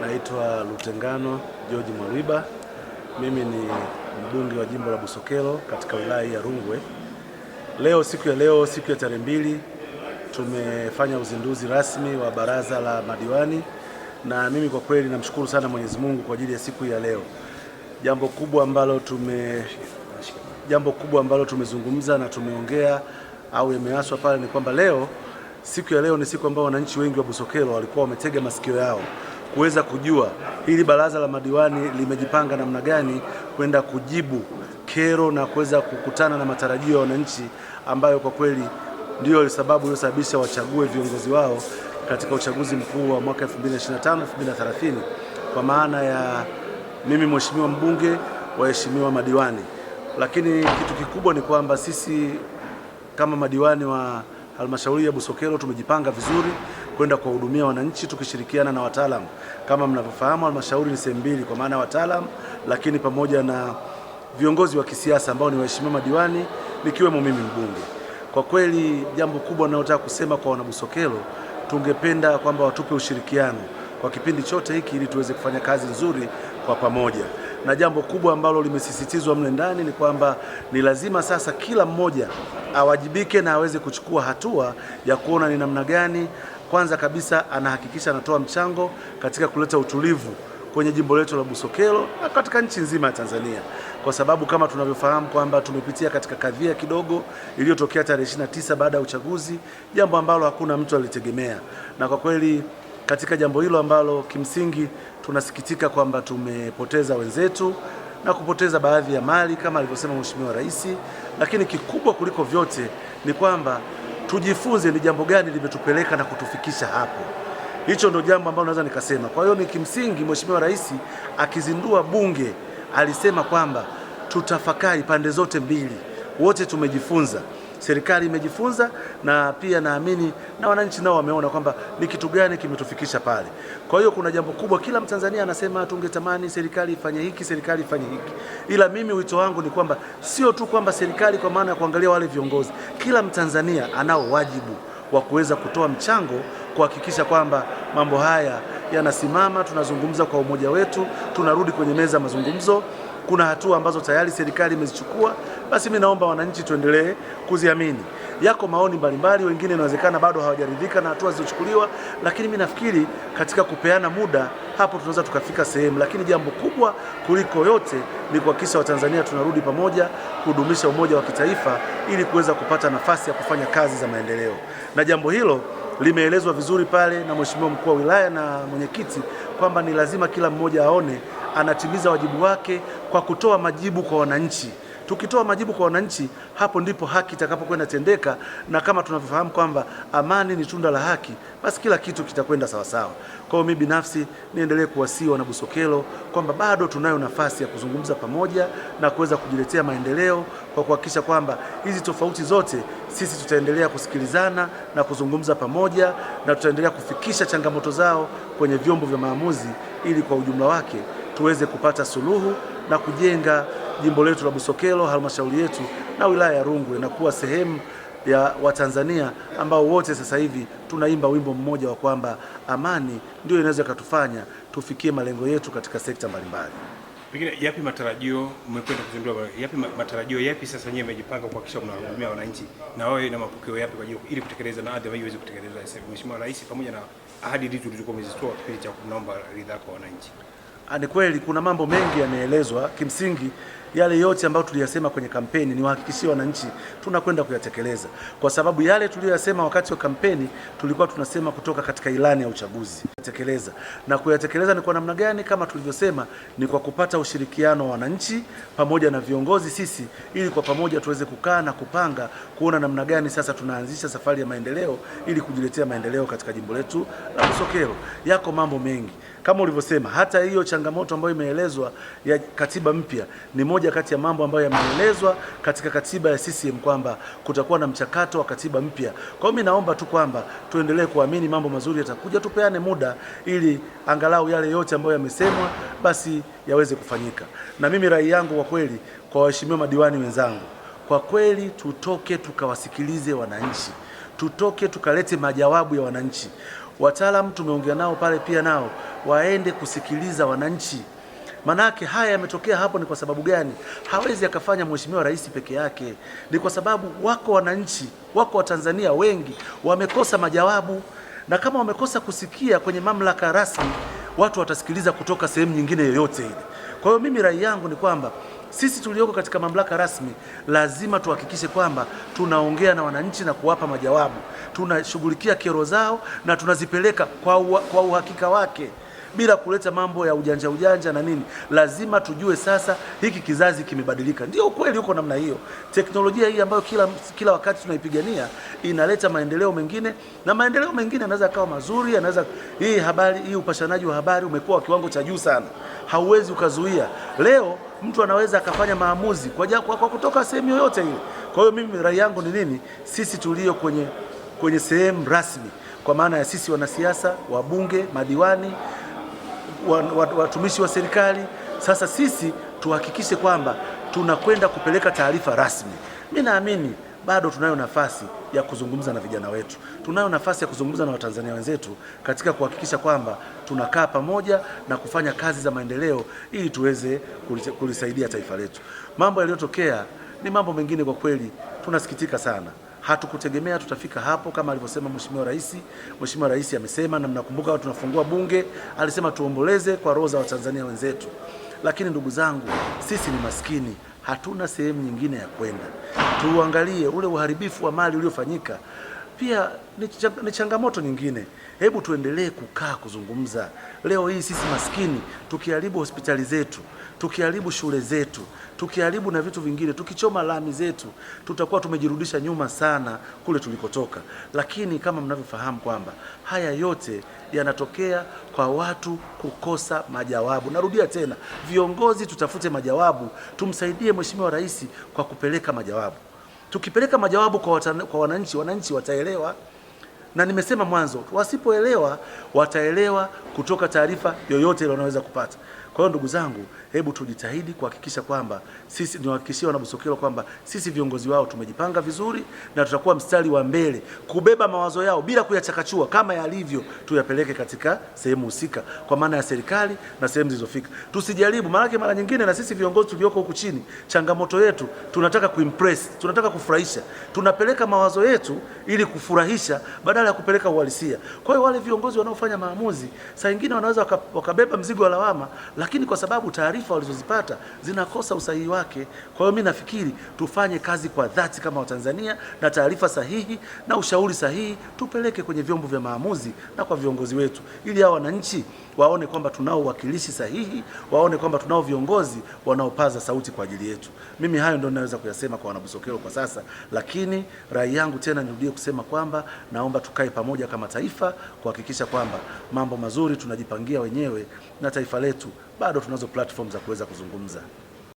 Naitwa Lutengano George Mwaliba, Mimi ni mbunge wa jimbo la Busokelo katika wilaya ya Rungwe. Leo siku ya leo, siku ya tarehe mbili, tumefanya uzinduzi rasmi wa baraza la madiwani, na mimi kwa kweli namshukuru sana Mwenyezi Mungu kwa ajili ya siku ya leo. Jambo kubwa ambalo tume jambo kubwa ambalo tumezungumza na tumeongea au yameaswa pale ni kwamba leo, siku ya leo ni siku ambayo wananchi wengi wa Busokelo walikuwa wametega masikio yao kuweza kujua hili baraza la madiwani limejipanga namna gani kwenda kujibu kero na kuweza kukutana na matarajio ya wananchi ambayo kwa kweli ndiyo sababu iliyosababisha wachague viongozi wao katika uchaguzi mkuu wa mwaka 2025 2030, kwa maana ya mimi mheshimiwa mbunge, waheshimiwa madiwani. Lakini kitu kikubwa ni kwamba sisi kama madiwani wa halmashauri ya Busokelo tumejipanga vizuri kwenda kuwahudumia wananchi tukishirikiana na wataalamu. Kama mnavyofahamu, halmashauri ni sehemu mbili, kwa maana ya wataalamu, lakini pamoja na viongozi wa kisiasa ambao ni waheshimiwa madiwani, nikiwemo mimi mbunge. Kwa kweli, jambo kubwa ninalotaka kusema kwa Wanabusokelo, tungependa kwamba watupe ushirikiano kwa kipindi chote hiki ili tuweze kufanya kazi nzuri kwa pamoja. Na jambo kubwa ambalo limesisitizwa mle ndani ni kwamba ni lazima sasa kila mmoja awajibike na aweze kuchukua hatua ya kuona ni namna gani kwanza kabisa anahakikisha anatoa mchango katika kuleta utulivu kwenye jimbo letu la Busokelo na katika nchi nzima ya Tanzania, kwa sababu kama tunavyofahamu kwamba tumepitia katika kadhia kidogo iliyotokea tarehe 29 baada ya uchaguzi, jambo ambalo hakuna mtu alitegemea, na kwa kweli katika jambo hilo ambalo kimsingi tunasikitika kwamba tumepoteza wenzetu na kupoteza baadhi ya mali kama alivyosema Mheshimiwa Rais, lakini kikubwa kuliko vyote ni kwamba tujifunze ni jambo gani limetupeleka na kutufikisha hapo. Hicho ndio jambo ambalo naweza nikasema. Kwa hiyo ni kimsingi, Mheshimiwa Rais akizindua Bunge alisema kwamba tutafakari pande zote mbili, wote tumejifunza serikali imejifunza na pia naamini na wananchi nao wameona kwamba ni kitu gani kimetufikisha pale. Kwa hiyo kuna jambo kubwa, kila Mtanzania anasema tungetamani serikali ifanye hiki, serikali ifanye hiki, ila mimi wito wangu ni kwamba sio tu kwamba serikali kwa maana ya kuangalia wale viongozi, kila Mtanzania anao wajibu wa kuweza kutoa mchango kuhakikisha kwamba mambo haya yanasimama, tunazungumza kwa umoja wetu, tunarudi kwenye meza ya mazungumzo. Kuna hatua ambazo tayari serikali imezichukua basi mimi naomba wananchi tuendelee kuziamini. Yako maoni mbalimbali, wengine inawezekana bado hawajaridhika na hatua zilizochukuliwa, lakini mimi nafikiri katika kupeana muda hapo tunaweza tukafika sehemu, lakini jambo kubwa kuliko yote ni kuhakikisha Watanzania tunarudi pamoja kudumisha umoja wa kitaifa ili kuweza kupata nafasi ya kufanya kazi za maendeleo, na jambo hilo limeelezwa vizuri pale na Mheshimiwa mkuu wa wilaya na mwenyekiti kwamba ni lazima kila mmoja aone anatimiza wajibu wake kwa kutoa majibu kwa wananchi. Tukitoa majibu kwa wananchi, hapo ndipo haki itakapokwenda tendeka, na kama tunavyofahamu kwamba amani ni tunda la haki, basi kila kitu kitakwenda sawasawa. Kwa hiyo mimi binafsi niendelee kuwasihi wana Busokelo kwamba bado tunayo nafasi ya kuzungumza pamoja na kuweza kujiletea maendeleo kwa kuhakikisha kwamba hizi tofauti zote sisi tutaendelea kusikilizana na kuzungumza pamoja na tutaendelea kufikisha changamoto zao kwenye vyombo vya maamuzi ili kwa ujumla wake tuweze kupata suluhu na kujenga jimbo letu la Busokelo, halmashauri yetu na wilaya ya Rungwe na kuwa sehemu ya Watanzania ambao wote sasa hivi tunaimba wimbo mmoja wa kwamba amani ndio inaweza ikatufanya tufikie malengo yetu katika sekta mbalimbali. Pengine yapi matarajio mmekwenda kuzindua, yapi matarajio, yapi sasa nyewe mmejipanga kuhakikisha mnawahudumia wananchi na wao na mapokeo yapi kwa hiyo, ili kutekeleza na ahadi ambayo iweze kutekelezwa Mheshimiwa Rais pamoja na ahadi hizi tulizokuwa mmezitoa kipindi cha kunaomba ridhaa kwa wananchi? Ah, ni kweli kuna mambo mengi yameelezwa kimsingi yale yote ambayo tuliyasema kwenye kampeni, niwahakikishie wananchi tunakwenda kuyatekeleza, kwa sababu yale tuliyoyasema wakati wa kampeni tulikuwa tunasema kutoka katika ilani ya uchaguzi tekeleza. Na kuyatekeleza ni kwa namna gani? Kama tulivyosema, ni kwa kupata ushirikiano wa wananchi pamoja na viongozi sisi, ili kwa pamoja tuweze kukaa na kupanga kuona namna gani sasa tunaanzisha safari ya maendeleo ili kujiletea maendeleo katika jimbo letu la Busokelo. Yako mambo mengi kama ulivyosema, hata hiyo changamoto ambayo imeelezwa ya katiba mpya ni moja moja kati ya mambo ambayo yameelezwa katika katiba ya CCM kwamba kutakuwa na mchakato wa katiba mpya. Kwa hiyo naomba tu kwamba tuendelee kuamini mambo mazuri yatakuja, tupeane muda ili angalau yale yote ambayo yamesemwa basi yaweze kufanyika. Na mimi rai yangu kwa kweli kwa waheshimiwa madiwani wenzangu, kwa kweli tutoke tukawasikilize wananchi, tutoke tukalete majawabu ya wananchi. Wataalamu tumeongea nao pale, pia nao waende kusikiliza wananchi. Manake haya yametokea hapo ni kwa sababu gani? Hawezi akafanya mheshimiwa rais peke yake, ni kwa sababu wako wananchi, wako Watanzania wengi wamekosa majawabu, na kama wamekosa kusikia kwenye mamlaka rasmi, watu watasikiliza kutoka sehemu nyingine yoyote ile. Kwa hiyo mimi rai yangu ni kwamba sisi tulioko katika mamlaka rasmi lazima tuhakikishe kwamba tunaongea na wananchi na kuwapa majawabu, tunashughulikia kero zao na tunazipeleka kwa, kwa uhakika wake bila kuleta mambo ya ujanja ujanja na nini. Lazima tujue sasa hiki kizazi kimebadilika. Ndio ukweli uko namna hiyo. Teknolojia hii ambayo kila kila wakati tunaipigania inaleta maendeleo mengine, na maendeleo mengine yanaweza kawa mazuri, yanaweza hii habari hii, upashanaji wa habari umekuwa wa kiwango cha juu sana, hauwezi ukazuia. Leo mtu anaweza akafanya maamuzi kwa, kwa, kwa kutoka sehemu yoyote ile. Kwa hiyo mimi rai yangu ni nini? Sisi tulio kwenye kwenye sehemu rasmi, kwa maana ya sisi wanasiasa, wabunge, madiwani watumishi wa serikali. Sasa sisi tuhakikishe kwamba tunakwenda kupeleka taarifa rasmi. Mimi naamini bado tunayo nafasi ya kuzungumza na vijana wetu, tunayo nafasi ya kuzungumza na Watanzania wenzetu katika kuhakikisha kwamba tunakaa pamoja na kufanya kazi za maendeleo ili tuweze kulisaidia taifa letu. Mambo yaliyotokea ni mambo mengine, kwa kweli tunasikitika sana. Hatukutegemea tutafika hapo kama alivyosema Mheshimiwa Rais. Mheshimiwa Rais amesema, na mnakumbuka tunafungua bunge, alisema tuomboleze kwa roho za Watanzania wenzetu. Lakini ndugu zangu, sisi ni maskini, hatuna sehemu nyingine ya kwenda. Tuangalie ule uharibifu wa mali uliofanyika pia ni changamoto nyingine. Hebu tuendelee kukaa kuzungumza. Leo hii sisi maskini tukiharibu hospitali zetu, tukiharibu shule zetu, tukiharibu na vitu vingine, tukichoma lami zetu, tutakuwa tumejirudisha nyuma sana kule tulikotoka. Lakini kama mnavyofahamu kwamba haya yote yanatokea kwa watu kukosa majawabu. Narudia tena, viongozi tutafute majawabu, tumsaidie Mheshimiwa Rais kwa kupeleka majawabu. Tukipeleka majawabu kwa, watan, kwa wananchi, wananchi wataelewa, na nimesema mwanzo, wasipoelewa wataelewa kutoka taarifa yoyote ile wanaweza kupata. Kwa hiyo ndugu zangu, hebu tujitahidi kuhakikisha kwamba sisi niwahakikishie Wanabusokelo kwamba sisi viongozi wao tumejipanga vizuri na tutakuwa mstari wa mbele kubeba mawazo yao bila kuyachakachua, kama yalivyo tuyapeleke katika sehemu husika, kwa maana ya serikali na sehemu zilizofika. Tusijaribu maanake, mara nyingine na sisi viongozi tulioko huku chini, changamoto yetu tunataka kuimpress, tunataka kufurahisha, tunapeleka mawazo yetu ili kufurahisha badala ya kupeleka uhalisia. Kwa hiyo wale viongozi wanaofanya maamuzi saa nyingine wanaweza wakabeba mzigo wa lawama lakini kwa sababu taarifa walizozipata zinakosa usahihi wake. Kwa hiyo mimi nafikiri tufanye kazi kwa dhati kama Watanzania, na taarifa sahihi na ushauri sahihi tupeleke kwenye vyombo vya maamuzi na kwa viongozi wetu, ili hao wananchi waone kwamba tunao uwakilishi sahihi, waone kwamba tunao viongozi wanaopaza sauti kwa ajili yetu. Mimi hayo ndio ninaweza kuyasema kwa Wanabusokelo kwa sasa, lakini rai yangu tena nirudie kusema kwamba naomba tukae pamoja kama taifa kuhakikisha kwamba mambo mazuri tunajipangia wenyewe na taifa letu bado tunazo platform za kuweza kuzungumza.